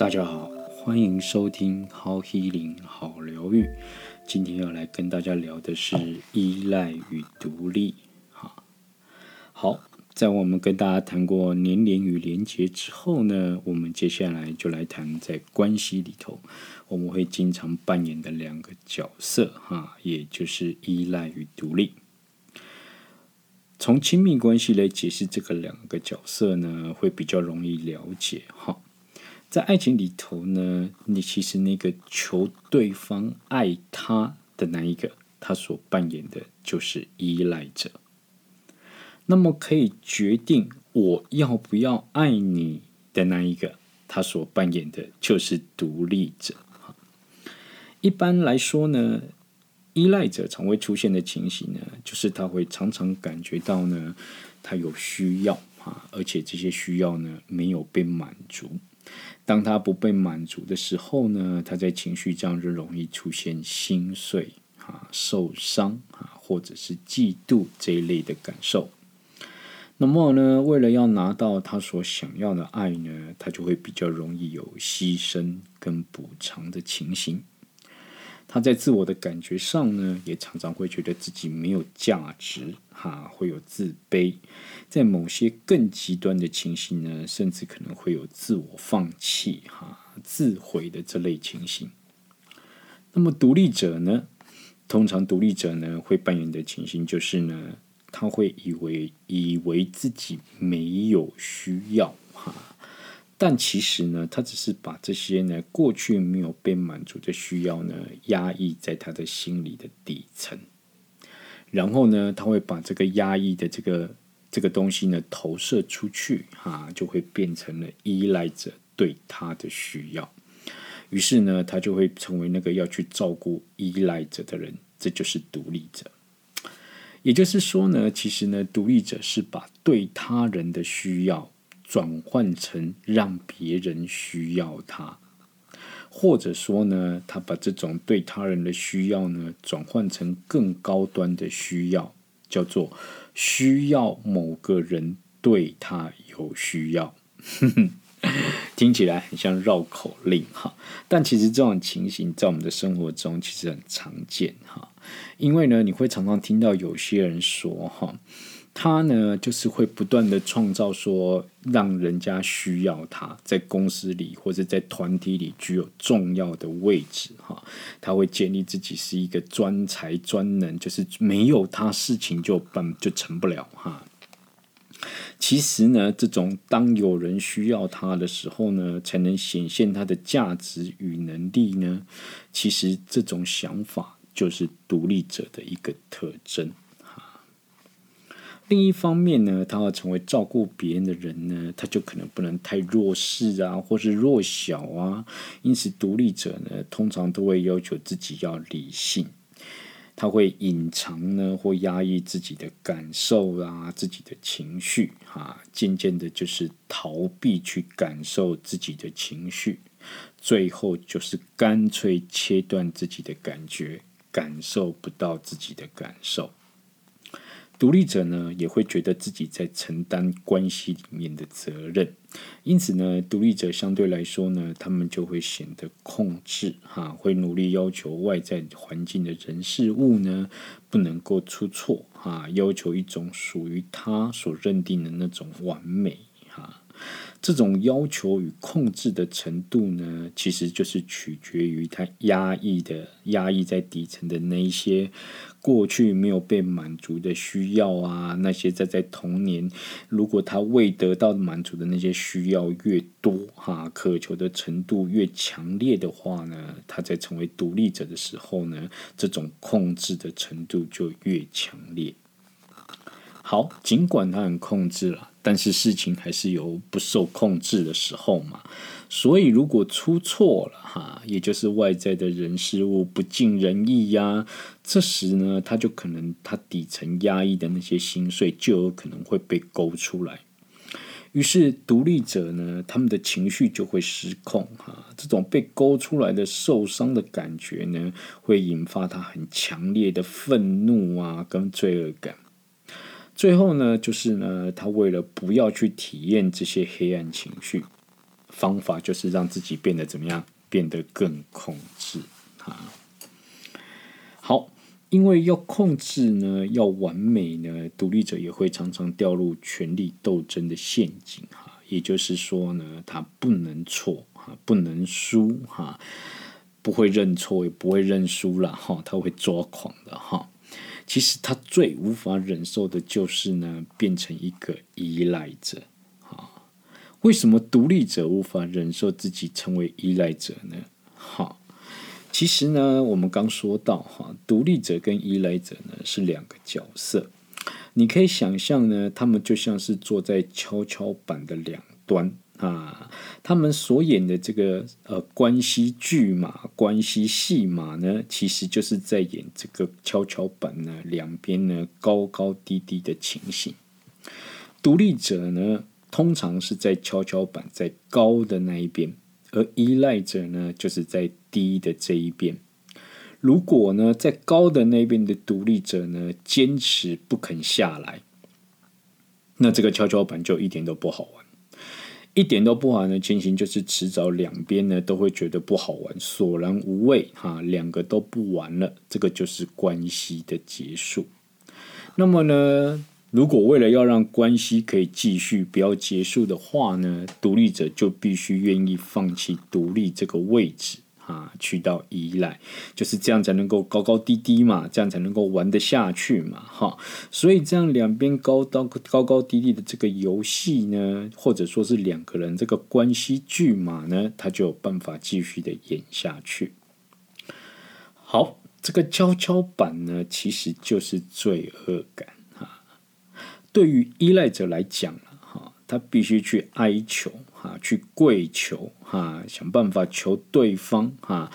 大家好，歡迎收聽好 Healing 好療癒。今天要來跟大家聊的是依賴與獨立。好，好，在我們跟大家談過年齡與連結之後呢，我們接下來就來談在關係裡頭我們會經常扮演的兩個角色哈，也就是依賴與獨立。從親密關係來解釋這個兩個角色呢，會比較容易了解哈。在愛情裡頭呢，你其實那個求對方愛他的那一個，他所扮演的就是依賴者。那麼可以決定我要不要愛你的那一個，他所扮演的就是獨立者。哈，一般來說呢，依賴者常會出現的情形呢，就是他會常常感覺到呢，他有需要，而且這些需要呢，沒有被滿足。當他不被滿足的時候呢，他在情緒上就容易出現心碎啊、受傷啊，或者是嫉妒這一類的感受。那麼呢，為了要拿到他所想要的愛呢，他就會比較容易有犧牲跟補償的情形。他在自我的感覺上呢，也常常會覺得自己沒有價值，哈，會有自卑。在某些更極端的情形呢，甚至可能會有自我放棄，哈，自毀的這類情形。那麼，獨立者呢，通常獨立者呢會扮演的情形就是呢，他會以為以為自己沒有需要，哈。但其實呢，他只是把這些呢過去沒有被滿足的需要呢壓抑在他的心裡的底層，然後呢，他會把這個壓抑的這個這個東西呢投射出去，哈，就會變成了依賴者對他的需要，於是呢，他就會成為那個要去照顧依賴者的人，這就是獨立者。也就是說呢，其實呢，獨立者是把對他人的需要。轉換成讓別人需要他，或者說呢，他把這種對他人的需要呢，轉換成更高端的需要，叫做需要某個人對他有需要。呵呵，聽起來很像繞口令哈，但其實這種情形在我們的生活中其實很常見哈，因為呢，你會常常聽到有些人說哈。他呢，就是會不斷的創造說，讓人家需要他，在公司裡或者在團體裡具有重要的位置哈。他會建立自己是一個專才、專能，就是沒有他事情就辦就成不了哈。其實呢，這種當有人需要他的時候呢，才能顯現他的價值與能力呢。其實這種想法就是獨立者的一個特徵。另一方面呢，他要成為照顧別人的人呢，他就可能不能太弱勢啊，或是弱小啊。因此，獨立者呢，通常都會要求自己要理性，他會隱藏呢或壓抑自己的感受啊，自己的情緒啊，漸漸的，就是逃避去感受自己的情緒，最後就是乾脆切斷自己的感覺，感受不到自己的感受。獨立者呢，也會覺得自己在承擔關係裡面的責任，因此呢，獨立者相對來說呢，他們就會顯得控制哈，會努力要求外在環境的人事物呢，不能夠出錯哈，要求一種屬於他所認定的那種完美。這種要求與控制的程度呢，其實就是取決於他壓抑的壓抑在底層的那一些過去沒有被滿足的需要啊，那些在在童年如果他未得到滿足的那些需要越多哈，渴求的程度越強烈的話呢，他在成為獨立者的時候呢，這種控制的程度就越強烈。好，盡管他很控制了。但是事情還是有不受控制的時候嘛，所以如果出錯了哈，也就是外在的人事物不盡人意呀，這時呢，他就可能他底層壓抑的那些心碎就有可能會被勾出來，於是獨立者呢，他們的情緒就會失控哈，這種被勾出來的受傷的感覺呢，會引發他很強烈的憤怒啊，跟罪惡感。最後呢，就是呢，他為了不要去體驗這些黑暗情緒，方法就是讓自己變得怎麼樣，變得更控制啊。好，因為要控制呢，要完美呢，獨立者也會常常掉入權力鬥爭的陷阱哈。也就是說呢，他不能錯，不能輸哈，不會認錯也不會認輸啦哈，他會抓狂的哈。其實他最無法忍受的就是呢，變成一個依賴者啊。為什麼獨立者無法忍受自己成為依賴者呢？哈，其實呢，我們剛說到哈，獨立者跟依賴者呢是兩個角色，你可以想象呢，他們就像是坐在蹺蹺板的兩端。啊，他們所演的這個呃，關係劇嘛，關係戲碼呢,其實就是在演這個蹺蹺板呢，兩邊呢高高低低的情形。獨立者呢，通常是在蹺蹺板在高的那一邊，而依賴者呢，就是在低的這一邊。如果呢，在高的那邊的獨立者呢，堅持不肯下來，那這個蹺蹺板就一點都不好玩。一點都不好玩的情形，就是遲早兩邊呢都會覺得不好玩，索然無味。哈，兩個都不玩了，這個就是關係的結束。那麼呢，如果為了要讓關係可以繼續，不要結束的話呢，獨立者就必須願意放棄獨立這個位置。啊，去到依賴，就是這樣才能夠高高低低嘛，這樣才能夠玩得下去嘛，哈，所以這樣兩邊高高高，高低低的這個遊戲呢，或者說是兩個人這個關係劇嘛呢，他就有辦法繼續的演下去。好，這個蹺蹺板呢，其實就是罪惡感啊，對於依賴者來講哈，他必須去哀求。去跪求哈，想辦法求對方哈，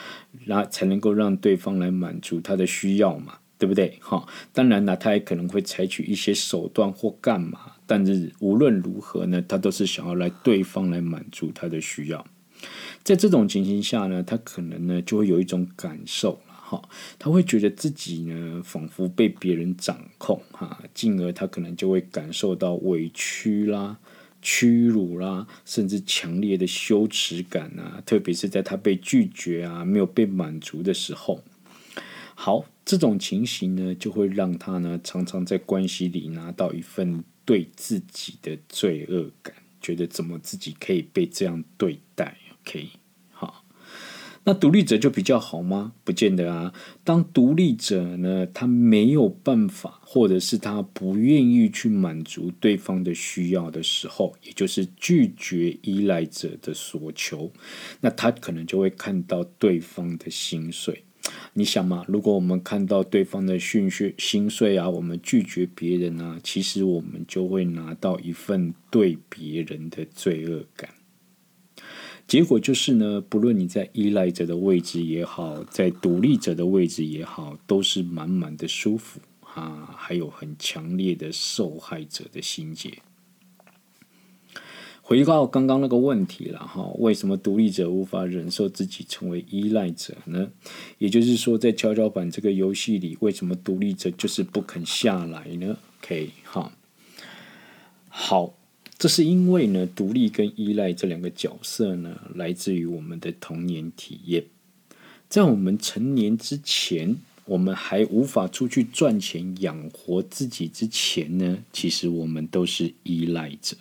那才能夠讓對方來滿足他的需要嘛，對不對？哈、哦，當然了，他也可能會採取一些手段或幹嘛，但是無論如何呢，他都是想要來對方來滿足他的需要。在這種情形下呢，他可能呢就會有一種感受了哈，他會覺得自己呢仿佛被別人掌控哈，進而他可能就會感受到委屈啦。屈辱啦、啊，甚至強烈的羞恥感啊，特別是在他被拒絕啊、沒有被滿足的時候，好，這種情形呢，就會讓他呢常常在關係裡拿到一份對自己的罪惡感，覺得怎麼自己可以被這樣對待？OK。那獨立者就比較好嗎？不見得啊。當獨立者呢，他沒有辦法，或者是他不願意去滿足對方的需要的時候，也就是拒絕依賴者的索求，那他可能就會看到對方的心碎。你想嘛，如果我們看到對方的訊息心碎啊，我們拒絕別人啊，其實我們就會拿到一份對別人的罪惡感。結果就是呢，不論你在依賴者的位置也好，在獨立者的位置也好，都是滿滿的舒服啊，還有很強烈的受害者的心結。回到剛剛那個問題了哈，為什麼獨立者無法忍受自己成為依賴者呢？也就是說，在蹺蹺板這個遊戲裡，為什麼獨立者就是不肯下來呢？okay 哈，好。這是因為呢，獨立跟依賴這兩個角色呢，來自於我們的童年體驗。在我們成年之前，我們還無法出去賺錢養活自己之前呢，其實我們都是依賴者。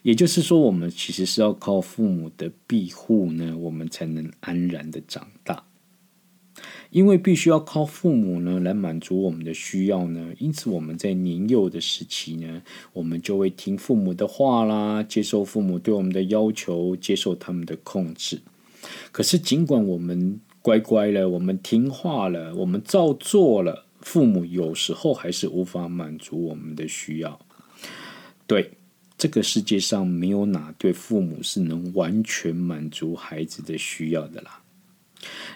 也就是說，我們其實是要靠父母的庇護呢，我們才能安然的長大。因為必須要靠父母呢，來滿足我們的需要呢，因此我們在年幼的時期呢，我們就會聽父母的話啦，接受父母對我們的要求，接受他們的控制。可是，儘管我們乖乖了，我們聽話了，我們照做了，父母有時候還是無法滿足我們的需要。對，這個世界上沒有哪對父母是能完全滿足孩子的需要的啦。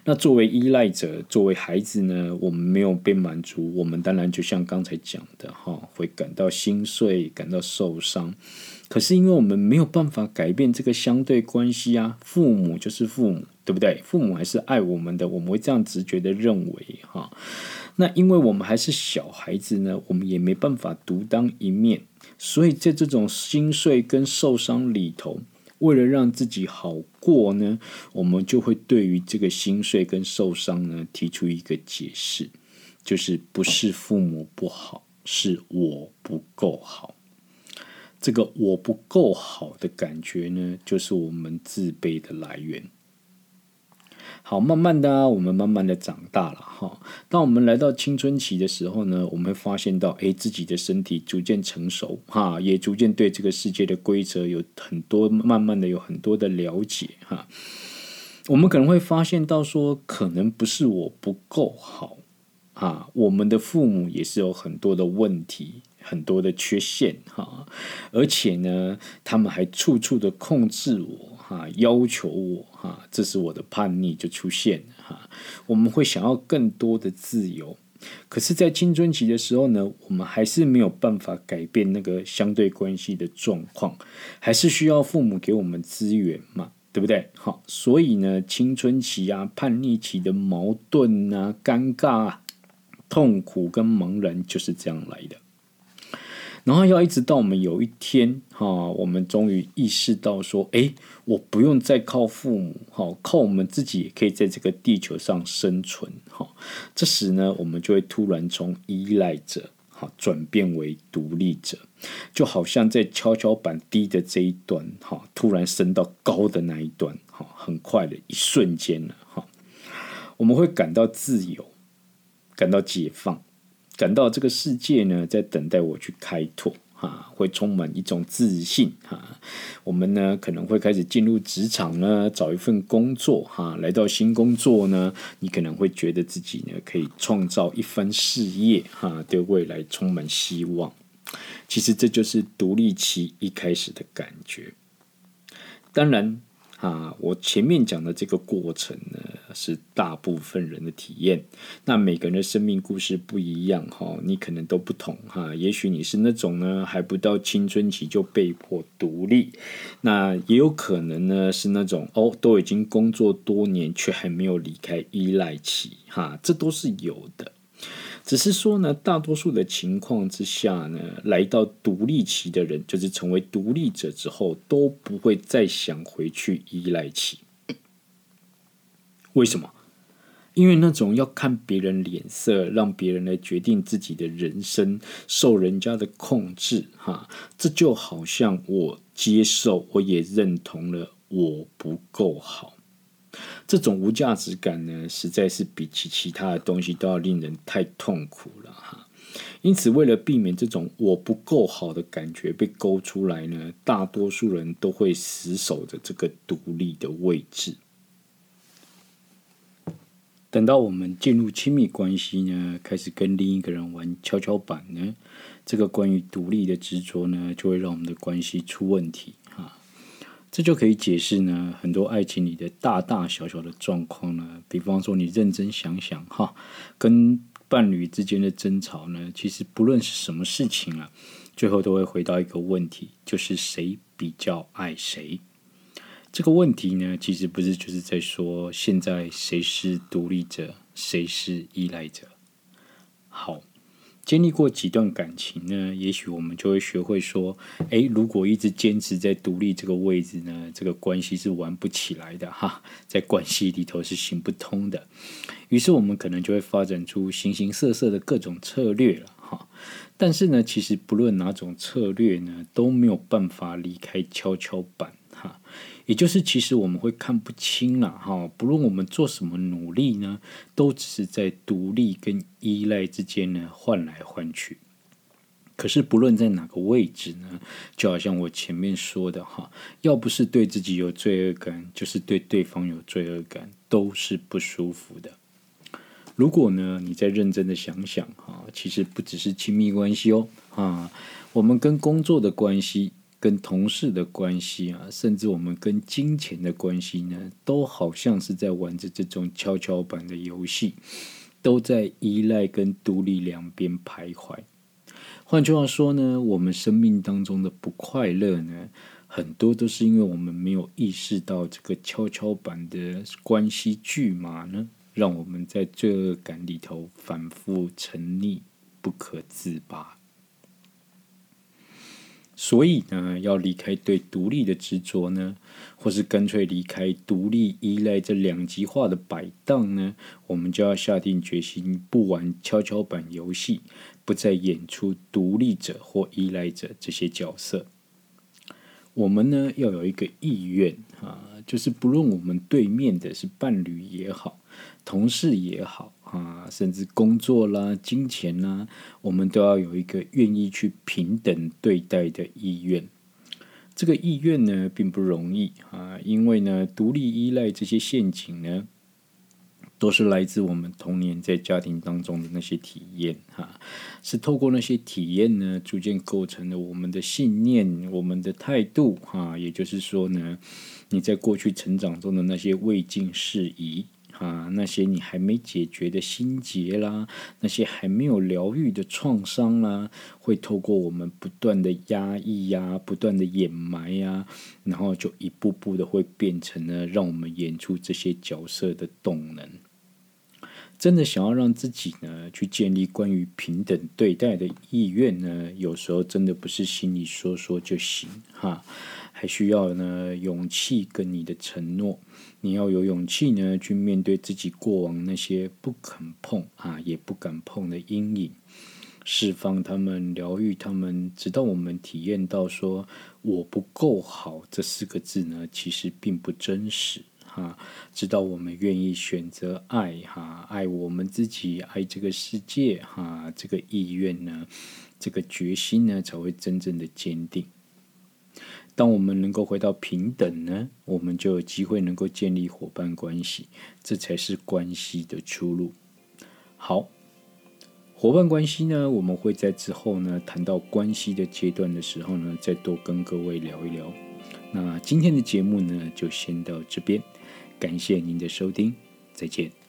那作為依賴者，作為孩子呢，我們沒有被滿足，我們當然就像剛才講的哈，會感到心碎，感到受傷。可是因為我們沒有辦法改變這個相對關係啊，父母就是父母，對不對？父母還是愛我們的，我們會這樣直覺地認為哈。那因為我們還是小孩子呢，我們也沒辦法獨當一面，所以在這種心碎跟受傷裡頭。為了讓自己好過呢，我們就會對於這個心碎跟受傷呢，提出一個解釋，就是不是父母不好，是我不夠好。這個我不夠好的感覺呢，就是我們自卑的來源。好，慢慢的啊，我們慢慢的長大了哈哦。當我們來到青春期的時候呢，我們會發現到，哎，自己的身體逐漸成熟哈，也逐漸對這個世界的規則有很多，慢慢的有很多的了解哈。我們可能會發現到說，可能不是我不夠好啊，我們的父母也是有很多的問題。很多的缺陷哈，而且呢，他們還處處的控制我哈，要求我哈，這是我的叛逆就出現了哈。我們會想要更多的自由，可是，在青春期的時候呢，我們還是沒有辦法改變那個相對關係的狀況，還是需要父母給我們資源嘛，對不對？好，所以呢，青春期啊，叛逆期的矛盾啊，尷尬啊，痛苦跟茫然就是這樣來的。然後要一直到我們有一天哈，我們終於意識到說，哎，我不用再靠父母哈，靠我們自己也可以在這個地球上生存哈。這時呢，我們就會突然從依賴者哈轉變為獨立者，就好像在蹺蹺板低的這一端哈，突然升到高的那一端哈，很快的一瞬間了哈，我們會感到自由，感到解放。感到這個世界呢，在等待我去開拓，啊，會充滿一種自信，哈，我們呢可能會開始進入職場呢，找一份工作，哈，來到新工作呢，你可能會覺得自己呢可以創造一番事業，哈，對未來充滿希望。其實這就是獨立期一開始的感覺。當然。啊，我前面講的這個過程呢，是大部分人的體驗。那每個人的生命故事不一樣哈，你可能都不同哈。也許你是那種呢，還不到青春期就被迫獨立；那也有可能呢，是那種哦，都已經工作多年，卻還沒有離開依賴期哈，這都是有的。只是說呢，大多數的情況之下呢，來到獨立期的人，就是成為獨立者之後，都不會再想回去依賴期。為什麼？因為那種要看別人臉色，讓別人來決定自己的人生，受人家的控制，哈，這就好像我接受，我也認同了，我不夠好。這種無價值感呢，實在是比起其、其他的東西都要令人太痛苦了哈。因此，為了避免這種我不夠好的感覺被勾出來呢，大多數人都會死守着這個獨立的位置。等到我們進入親密關係呢，開始跟另一個人玩蹺蹺板呢，這個關於獨立的執着呢，就會讓我們的關係出問題。這就可以解釋呢，很多愛情裡的大大小小的狀況呢。比方說，你認真想想哈，跟伴侶之間的爭吵呢，其實不論是什麼事情啊，最後都會回到一個問題，就是誰比較愛誰。這個問題呢，其實不是就是在說現在誰是獨立者，誰是依賴者。好。經歷過幾段感情呢，也許我們就會學會說：“誒，如果一直堅持在獨立這個位置呢，這個關係是玩不起來的哈，在關係裡頭是行不通的。”於是我們可能就會發展出形形色色的各種策略了哈。但是呢，其實不論哪種策略呢，都沒有辦法離開蹺蹺板。也就是其實我們會看不清了、啊、哈，不論我們做什麼努力呢，都只是在獨立跟依賴之間呢換來換去。可是不論在哪個位置呢，就好像我前面說的哈，要不是對自己有罪惡感，就是對對方有罪惡感，都是不舒服的。如果呢，你再認真的想想哈，其實不只是親密關係哦，啊，我們跟工作的關係。跟同事的關係啊，甚至我們跟金錢的關係呢，都好像是在玩着這種蹺蹺板的遊戲，都在依賴跟獨立兩邊徘徊。換句話說呢，我們生命當中的不快樂呢，很多都是因為我們沒有意識到這個蹺蹺板的關係巨碼呢，讓我們在罪惡感裡頭反覆沉溺，不可自拔。所以呢，要離開對獨立的執着呢，或是乾脆離開獨立依賴這兩極化的擺盪呢，我們就要下定決心，不玩蹺蹺板遊戲，不再演出獨立者或依賴者這些角色。我們呢，要有一個意願啊，就是不論我們對面的是伴侶也好，同事也好。啊，甚至工作啦、金錢啦，我們都要有一個願意去平等對待的意願。這個意願呢，並不容易啊，因為呢，獨立依賴這些陷阱呢，都是來自我們童年在家庭當中的那些體驗。哈，是透過那些體驗呢，逐漸構成了我們的信念、我們的態度。哈，也就是說呢，你在過去成長中的那些未盡事宜。啊，那些你還沒解決的心結啦，那些還沒有療癒的創傷啦，會透過我們不斷的壓抑呀、啊、不斷的掩埋呀、啊，然後就一步步的會變成呢，讓我們演出這些角色的動能。真的想要讓自己呢，去建立關於平等對待的意願呢，有時候真的不是心裡說說就行哈，還需要呢勇氣跟你的承諾。你要有勇氣呢，去面對自己過往那些不肯碰啊、也不敢碰的陰影，釋放他們、療癒他們，直到我們體驗到說“我不夠好”這四個字呢，其實並不真實。啊，直到我們願意選擇愛，哈，愛我們自己，愛這個世界，哈，這個意願呢，這個決心呢，才會真正的堅定。當我們能夠回到平等呢，我們就有機會能夠建立夥伴關係，這才是關係的出路。好，夥伴關係呢，我們會在之後呢，談到關係的階段的時候呢，再多跟各位聊一聊。那今天的節目呢，就先到這邊。感謝您的收聽，再見。